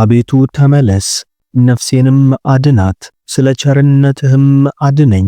አቤቱ ተመለስ፣ ነፍሴንም አድናት፣ ስለ ቸርነትህም አድነኝ።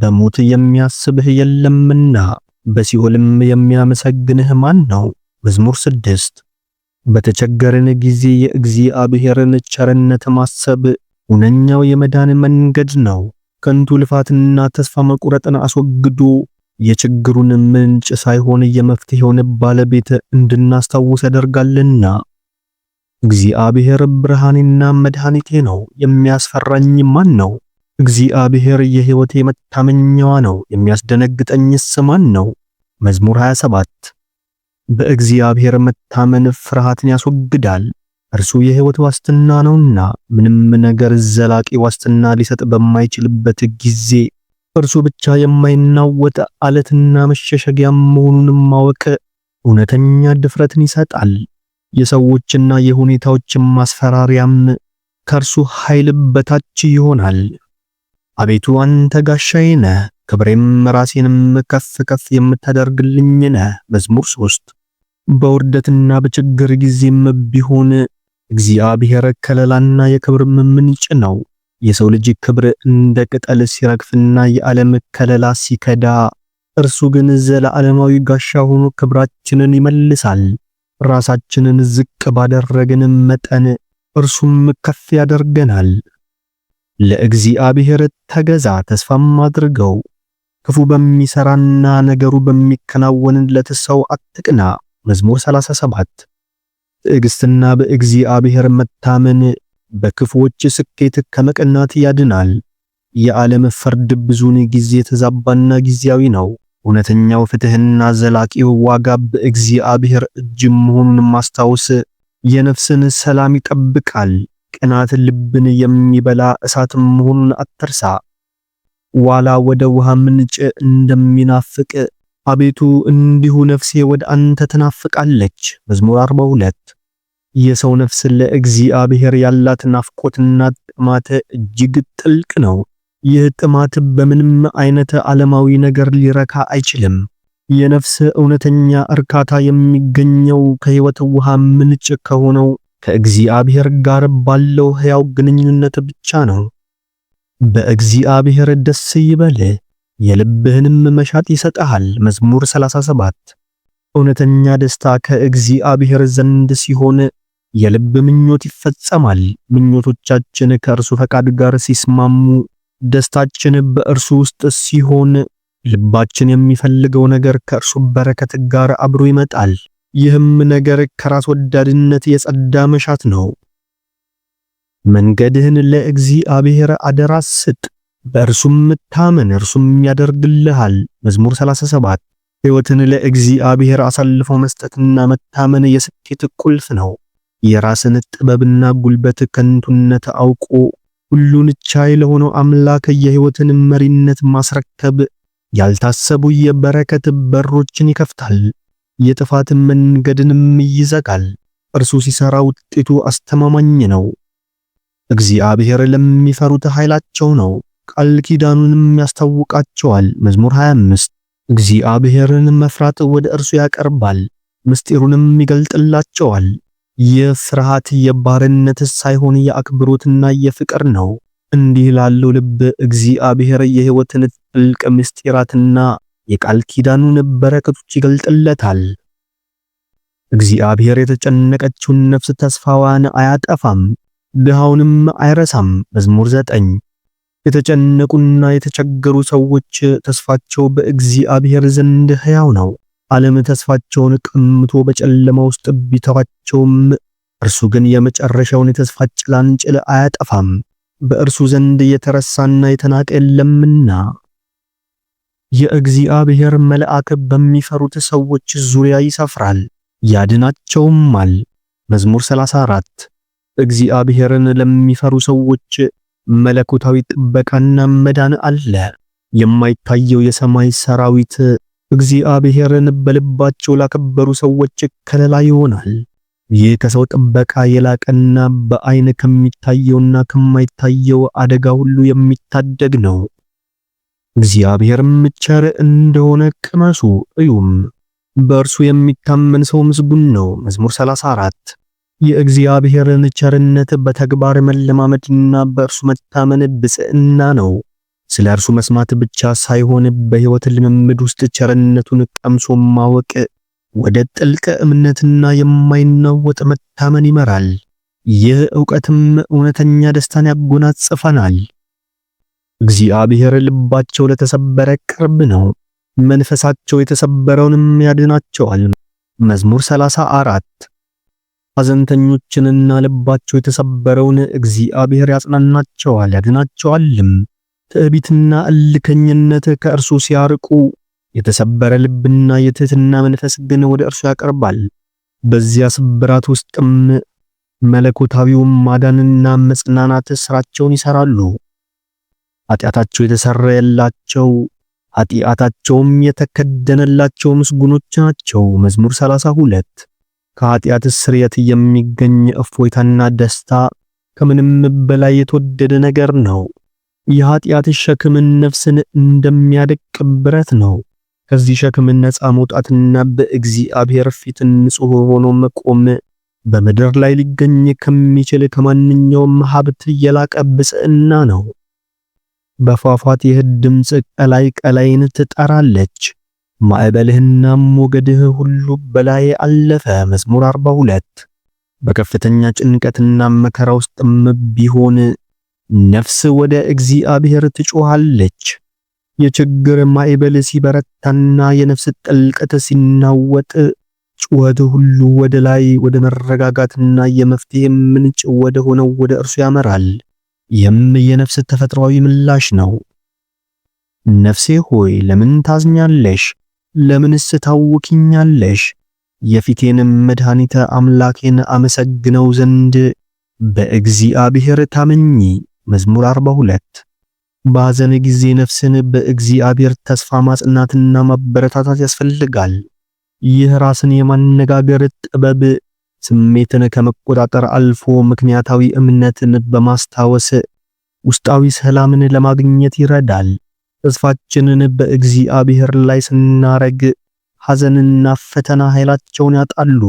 በሞት የሚያስብህ የለምና በሲኦልም የሚያመሰግንህ ማን ነው? መዝሙር ስድስት በተቸገርን ጊዜ የእግዚአብሔርን ቸርነት ማሰብ ሁነኛው የመዳን መንገድ ነው። ከንቱ ልፋትና ተስፋ መቁረጥን አስወግዶ የችግሩን ምንጭ ሳይሆን የመፍትሄውን ባለቤት እንድናስታውስ ያደርጋልና። እግዚአብሔር ብርሃኔና መድኃኒቴ ነው፣ የሚያስፈራኝ ማን ነው? እግዚአብሔር የሕይወቴ መታመኛዋ ነው፣ የሚያስደነግጠኝስ ማን ነው? መዝሙር 27 በእግዚአብሔር መታመን ፍርሃትን ያስወግዳል። እርሱ የሕይወት ዋስትና ነውና ምንም ነገር ዘላቂ ዋስትና ሊሰጥ በማይችልበት ጊዜ እርሱ ብቻ የማይናወጥ አለትና መሸሸጊያ መሆኑን ማወቅ እውነተኛ ድፍረትን ይሰጣል። የሰዎችና የሁኔታዎች ማስፈራሪያም ከእርሱ ኃይል በታች ይሆናል። አቤቱ አንተ ጋሻዬ ነህ፣ ክብሬም ራሴንም ከፍ ከፍ የምታደርግልኝ ነህ። መዝሙር 3 በውርደትና በችግር ጊዜም ቢሆን እግዚአብሔር ከለላና የክብር ምንጭ ነው። የሰው ልጅ ክብር እንደ ቅጠል ሲረግፍና የዓለም ከለላ ሲከዳ፣ እርሱ ግን ዘላለማዊ ጋሻ ሆኖ ክብራችንን ይመልሳል። ራሳችንን ዝቅ ባደረግን መጠን እርሱም ከፍ ያደርገናል። ለእግዚአብሔር ተገዛ፣ ተስፋም አድርገው። ክፉ በሚሰራና ነገሩ በሚከናወንለት ሰው አትቅና። መዝሙር 37 ትዕግስትና በእግዚአብሔር መታመን በክፉዎች ስኬት ከመቀናት ያድናል። የዓለም ፍርድ ብዙውን ጊዜ ተዛባና ጊዜያዊ ነው። እውነተኛው ፍትህና ዘላቂው ዋጋ በእግዚአብሔር እጅ መሆኑን ማስታወስ የነፍስን ሰላም ይጠብቃል። ቅናት ልብን የሚበላ እሳት መሆኑን አትርሳ። ዋላ ወደ ውሃ ምንጭ እንደሚናፍቅ አቤቱ እንዲሁ ነፍሴ ወደ አንተ ትናፍቃለች። መዝሙር 42 የሰው ነፍስ ለእግዚአብሔር ያላት ናፍቆትና ጥማት እጅግ ጥልቅ ነው። ይህ ጥማት በምንም አይነት ዓለማዊ ነገር ሊረካ አይችልም። የነፍስ እውነተኛ እርካታ የሚገኘው ከሕይወት ውሃ ምንጭ ከሆነው ከእግዚአብሔር ጋር ባለው ሕያው ግንኙነት ብቻ ነው። በእግዚአብሔር ደስ ይበል! የልብህንም መሻት ይሰጥሃል። መዝሙር 37 እውነተኛ ደስታ ከእግዚአብሔር ዘንድ ሲሆን የልብ ምኞት ይፈጸማል። ምኞቶቻችን ከእርሱ ፈቃድ ጋር ሲስማሙ ደስታችን በእርሱ ውስጥ ሲሆን ልባችን የሚፈልገው ነገር ከእርሱ በረከት ጋር አብሮ ይመጣል። ይህም ነገር ከራስ ወዳድነት የጸዳ መሻት ነው። መንገድህን ለእግዚአብሔር አደራ ስጥ፣ በእርሱም ታመን፣ እርሱም ያደርግልሃል። መዝሙር 37 ሕይወትን ለእግዚአብሔር አሳልፎ መስጠትና መታመን የስኬት ቁልፍ ነው። የራስን ጥበብና ጉልበት ከንቱነት አውቆ ሁሉን ቻይ ለሆነው አምላክ የህይወትን መሪነት ማስረከብ ያልታሰቡ የበረከት በሮችን ይከፍታል፣ የጥፋት መንገድንም ይዘጋል። እርሱ ሲሰራ ውጤቱ አስተማማኝ ነው። እግዚአብሔር ለሚፈሩት ኃይላቸው ነው፣ ቃል ኪዳኑንም ያስታውቃቸዋል። መዝሙር 25 እግዚአብሔርን መፍራት ወደ እርሱ ያቀርባል፣ ምስጢሩንም ይገልጥላቸዋል። የፍርሃት የባርነት ሳይሆን የአክብሮትና የፍቅር ነው። እንዲህ ላለው ልብ እግዚአብሔር የሕይወትን ጥልቅ ምስጢራትና የቃል ኪዳኑን በረከቶች ይገልጥለታል። እግዚአብሔር የተጨነቀችውን ነፍስ ተስፋዋን አያጠፋም፣ ድሃውንም አይረሳም። መዝሙር ዘጠኝ የተጨነቁና የተቸገሩ ሰዎች ተስፋቸው በእግዚአብሔር ዘንድ ሕያው ነው። ዓለም ተስፋቸውን ቀምቶ በጨለማ ውስጥ ቢተዋቸውም እርሱ ግን የመጨረሻውን የተስፋ ጭላንጭል አያጠፋም። በእርሱ ዘንድ የተረሳና የተናቀ የለምና። የእግዚአብሔር መልአክ በሚፈሩት ሰዎች ዙሪያ ይሰፍራል ያድናቸውማል። መዝሙር 34 እግዚአብሔርን ለሚፈሩ ሰዎች መለኮታዊ ጥበቃና መዳን አለ። የማይታየው የሰማይ ሰራዊት እግዚአብሔርን በልባቸው ላከበሩ ሰዎች ከለላ ይሆናል። ይህ ከሰው ጥበቃ የላቀና በአይን ከሚታየውና ከማይታየው አደጋ ሁሉ የሚታደግ ነው። እግዚአብሔርም ቸር እንደሆነ ቅመሱ እዩም። በእርሱ የሚታመን ሰው ምስጉን ነው። መዝሙር 34 የእግዚአብሔርን ቸርነት በተግባር መለማመድና በእርሱ መታመን ብፅዕና ነው። ስለ እርሱ መስማት ብቻ ሳይሆን በህይወት ልምምድ ውስጥ ቸርነቱን ቀምሶ ማወቅ ወደ ጥልቅ እምነትና የማይናወጥ መታመን ይመራል። ይህ ዕውቀትም እውነተኛ ደስታን ያጎናጽፈናል። እግዚአብሔር ልባቸው ለተሰበረ ቅርብ ነው፣ መንፈሳቸው የተሰበረውንም ያድናቸዋል። መዝሙር 34 ሐዘንተኞችንና ልባቸው የተሰበረውን እግዚአብሔር ያጽናናቸዋል ያድናቸዋልም። ትዕቢትና እልከኝነት ከእርሱ ሲያርቁ የተሰበረ ልብና የትህትና መንፈስ ግን ወደ እርሱ ያቀርባል። በዚያ ስብራት ውስጥም መለኮታዊው ማዳንና መጽናናት ስራቸውን ይሰራሉ። ኃጢአታቸው የተሰረየላቸው ኃጢአታቸውም የተከደነላቸው ምስጉኖች ናቸው። መዝሙር 32 ከኃጢአት ስርየት የሚገኝ እፎይታና ደስታ ከምንም በላይ የተወደደ ነገር ነው። የኃጢአትሽ ሸክምን ነፍስን እንደሚያደቅ ብረት ነው። ከዚህ ሸክምን ነፃ መውጣትና በእግዚአብሔር ፊት ንጹሕ ሆኖ መቆም በምድር ላይ ሊገኝ ከሚችል ከማንኛውም ሀብት የላቀ ብጽዕና ነው። በፏፏቴህ ድምፅ ቀላይ ቀላይን ትጠራለች። ማዕበልህና ሞገድህ ሁሉ በላይ አለፈ። መዝሙር 42 በከፍተኛ ጭንቀትና መከራ ውስጥም ቢሆን ነፍስ ወደ እግዚአብሔር ትጮሃለች። የችግር ማዕበል ሲበረታና የነፍስ ጥልቀት ሲናወጥ ጩኸት ሁሉ ወደ ላይ ወደ መረጋጋትና የመፍትሄ ምንጭ ወደ ሆነው ወደ እርሱ ያመራል። ይህም የነፍስ ተፈጥሯዊ ምላሽ ነው። ነፍሴ ሆይ ለምን ታዝኛለሽ? ለምንስ ታውኪኛለሽ? የፊቴን መድኃኒተ አምላኬን አመሰግነው ዘንድ በእግዚአብሔር ታመኚ። መዝሙር 42 ባዘነ ጊዜ ነፍስን በእግዚአብሔር ተስፋ ማጽናትና ማበረታታት ያስፈልጋል። ይህ ራስን የማነጋገር ጥበብ ስሜትን ከመቆጣጠር አልፎ ምክንያታዊ እምነትን በማስታወስ ውስጣዊ ሰላምን ለማግኘት ይረዳል። ተስፋችንን በእግዚአብሔር ላይ ስናረግ ሐዘንና ፈተና ኃይላቸውን ያጣሉ።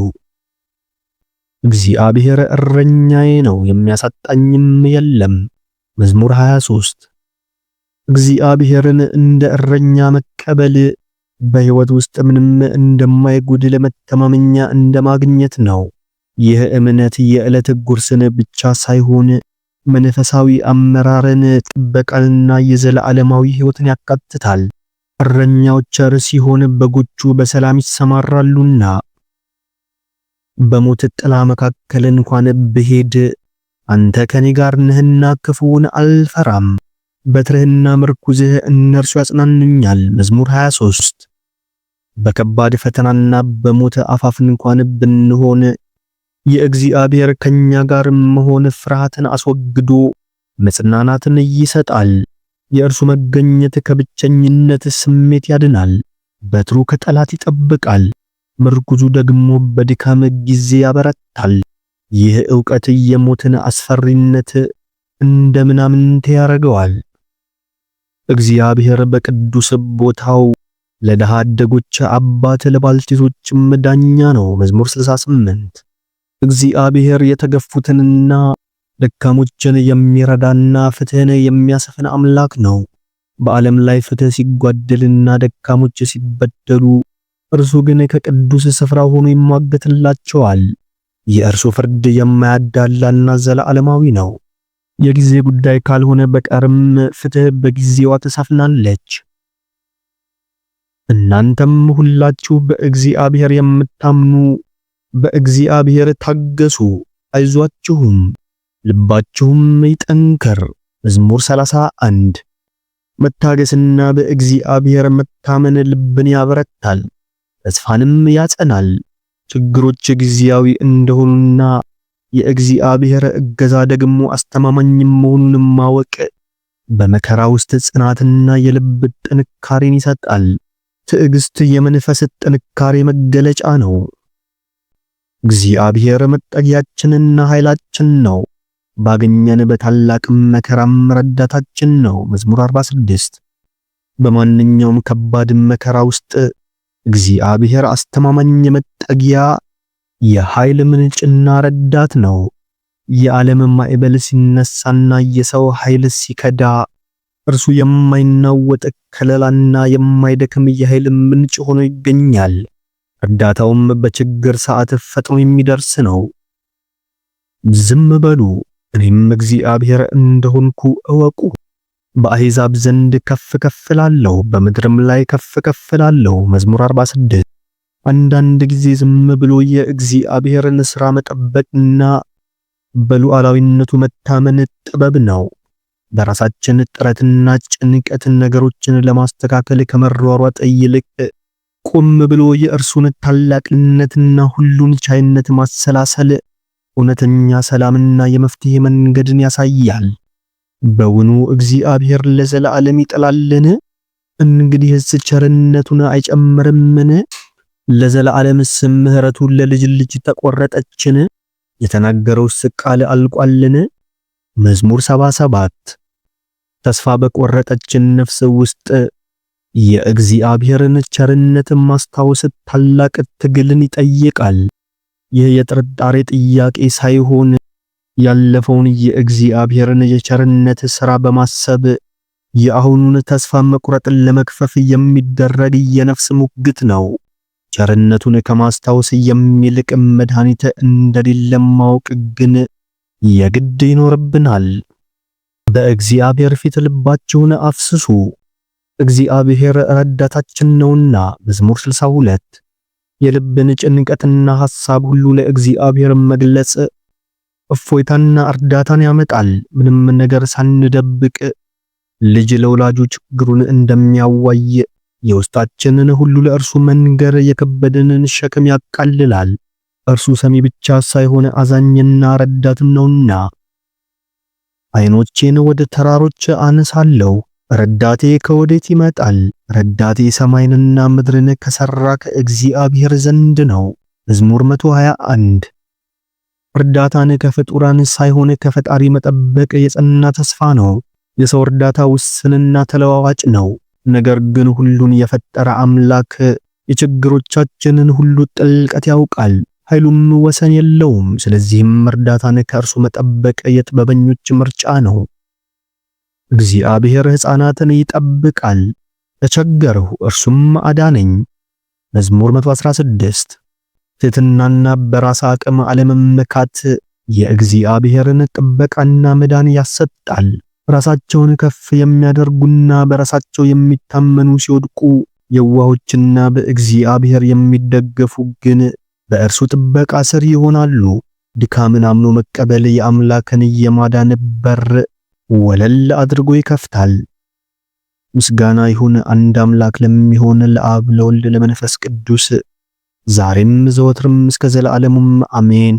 እግዚአብሔር እረኛዬ ነው፣ የሚያሳጣኝም የለም መዝሙር 23 እግዚአብሔርን እንደ እረኛ መቀበል በሕይወት ውስጥ ምንም እንደማይጎድል መተማመኛ እንደማግኘት ነው። ይህ እምነት የዕለት ጉርስን ብቻ ሳይሆን መንፈሳዊ አመራርን፣ ጥበቃንና ዓለማዊ ሕይወትን ያካትታል። እረኛው ቸር ሲሆን በጎቹ በሰላም ይሰማራሉና በሞት ጥላ መካከል እንኳን ብሄድ አንተ ከኔ ጋር ነህና ክፉውን አልፈራም፣ በትርህና ምርኩዝህ እነርሱ ያጽናኑኛል። መዝሙር 23 በከባድ ፈተናና በሞተ አፋፍ እንኳን ብንሆን የእግዚአብሔር ከኛ ጋር መሆን ፍርሃትን አስወግዶ መጽናናትን ይሰጣል። የእርሱ መገኘት ከብቸኝነት ስሜት ያድናል፣ በትሩ ከጠላት ይጠብቃል፣ ምርኩዙ ደግሞ በድካም ጊዜ ያበረታል። ይህ ዕውቀት የሞትን አስፈሪነት እንደምናምንት ምናምንቴ ያደርገዋል። እግዚአብሔር በቅዱስ ቦታው ለድሃ አደጎች አባት ለባልቴቶችም ዳኛ ነው። መዝሙር 68 እግዚአብሔር የተገፉትንና ደካሞችን የሚረዳና ፍትህን የሚያሰፍን አምላክ ነው። በዓለም ላይ ፍትህ ሲጓደልና ደካሞች ሲበደሉ፣ እርሱ ግን ከቅዱስ ስፍራ ሆኖ ይሟገትላቸዋል። የእርሱ ፍርድ የማያዳላና ዘላለማዊ ነው። የጊዜ ጉዳይ ካልሆነ በቀርም ፍትህ በጊዜዋ ተሳፍናለች። እናንተም ሁላችሁ በእግዚአብሔር የምታምኑ በእግዚአብሔር ታገሱ፣ አይዟችሁም፣ ልባችሁም ይጠንከር። መዝሙር 31 መታገስና በእግዚአብሔር መታመን ልብን ያበረታል፣ ተስፋንም ያጸናል። ችግሮች ጊዜያዊ እንደሆኑና የእግዚአብሔር እገዛ ደግሞ አስተማማኝ መሆኑን ማወቅ በመከራ ውስጥ ጽናትና የልብ ጥንካሬን ይሰጣል። ትዕግስት የመንፈስ ጥንካሬ መገለጫ ነው። እግዚአብሔር መጠጊያችንና ኃይላችን ነው። ባገኘን በታላቅ መከራም ረዳታችን ነው። መዝሙር 46 በማንኛውም ከባድ መከራ ውስጥ እግዚአብሔር አስተማማኝ የመጠጊያ የኃይል ምንጭና ረዳት ነው። የዓለም ማዕበል ሲነሳና የሰው ኃይል ሲከዳ እርሱ የማይናወጥ ከለላና የማይደክም የኃይል ምንጭ ሆኖ ይገኛል። እርዳታውም በችግር ሰዓት ፈጥኖ የሚደርስ ነው። ዝም በሉ እኔም እግዚአብሔር እንደሆንኩ እወቁ። በአሕዛብ ዘንድ ከፍ ከፍ እላለሁ፣ በምድርም ላይ ከፍ ከፍ እላለሁ። መዝሙር 46 አንዳንድ ጊዜ ዝም ብሎ የእግዚአብሔርን ሥራ መጠበቅና በሉዓላዊነቱ መታመን ጥበብ ነው። በራሳችን ጥረትና ጭንቀት ነገሮችን ለማስተካከል ከመሯሯጥ ይልቅ ቆም ብሎ የእርሱን ታላቅነትና ሁሉን ቻይነት ማሰላሰል እውነተኛ ሰላምና የመፍትሄ መንገድን ያሳያል። በውኑ እግዚአብሔር ለዘላለም ይጥላልን? እንግዲህ ቸርነቱን አይጨምርምን? ለዘላለም ስምህረቱ ለልጅ ልጅ ተቆረጠችን? የተናገረው ቃል አልቋልን? መዝሙር 77 ተስፋ በቆረጠችን ነፍስ ውስጥ የእግዚአብሔርን ቸርነት ማስታወስ ታላቅ ትግልን ይጠይቃል። ይህ የጥርጣሬ ጥያቄ ሳይሆን ያለፈውን የእግዚአብሔርን የቸርነት ሥራ በማሰብ የአሁኑን ተስፋ መቁረጥን ለመክፈፍ የሚደረግ የነፍስ ሙግት ነው። ቸርነቱን ከማስታወስ የሚልቅ መድኃኒት እንደሌለ ማወቅ ግን የግድ ይኖርብናል። በእግዚአብሔር ፊት ልባችሁን አፍስሱ፣ እግዚአብሔር ረዳታችን ነውና። መዝሙር 62 የልብን ጭንቀትና ሐሳብ ሁሉ ለእግዚአብሔር መግለጽ እፎይታና እርዳታን ያመጣል። ምንም ነገር ሳንደብቅ ልጅ ለወላጁ ችግሩን እንደሚያዋየ! የውስጣችንን ሁሉ ለእርሱ መንገር የከበደንን ሸክም ያቃልላል። እርሱ ሰሚ ብቻ ሳይሆን አዛኝና ረዳትም ነውና። አይኖቼን ወደ ተራሮች አነሳለሁ፣ ረዳቴ ከወዴት ይመጣል? ረዳቴ ሰማይንና ምድርን ከሰራ ከእግዚአብሔር ዘንድ ነው። መዝሙር 121 እርዳታን ከፍጡራን ሳይሆን ከፈጣሪ መጠበቅ የጸና ተስፋ ነው። የሰው እርዳታ ውስንና ተለዋዋጭ ነው። ነገር ግን ሁሉን የፈጠረ አምላክ የችግሮቻችንን ሁሉ ጥልቀት ያውቃል፣ ኃይሉም ወሰን የለውም። ስለዚህም እርዳታን ከእርሱ መጠበቅ የጥበበኞች ምርጫ ነው። እግዚአብሔር ሕፃናትን ይጠብቃል። ተቸገርሁ፣ እርሱም አዳነኝ። መዝሙር 116 ትትናና በራስ አቅም አለመመካት የእግዚአብሔርን ጥበቃና መዳን ያሰጣል። ራሳቸውን ከፍ የሚያደርጉና በራሳቸው የሚታመኑ ሲወድቁ፣ የዋሆችና በእግዚአብሔር የሚደገፉ ግን በእርሱ ጥበቃ ስር ይሆናሉ። ድካምን አምኖ መቀበል የአምላክን የማዳን በር ወለል አድርጎ ይከፍታል። ምስጋና ይሁን አንድ አምላክ ለሚሆን ለአብ ለወልድ ለመንፈስ ቅዱስ ዛሬም ዘወትርም እስከ ዘላለሙም አሜን።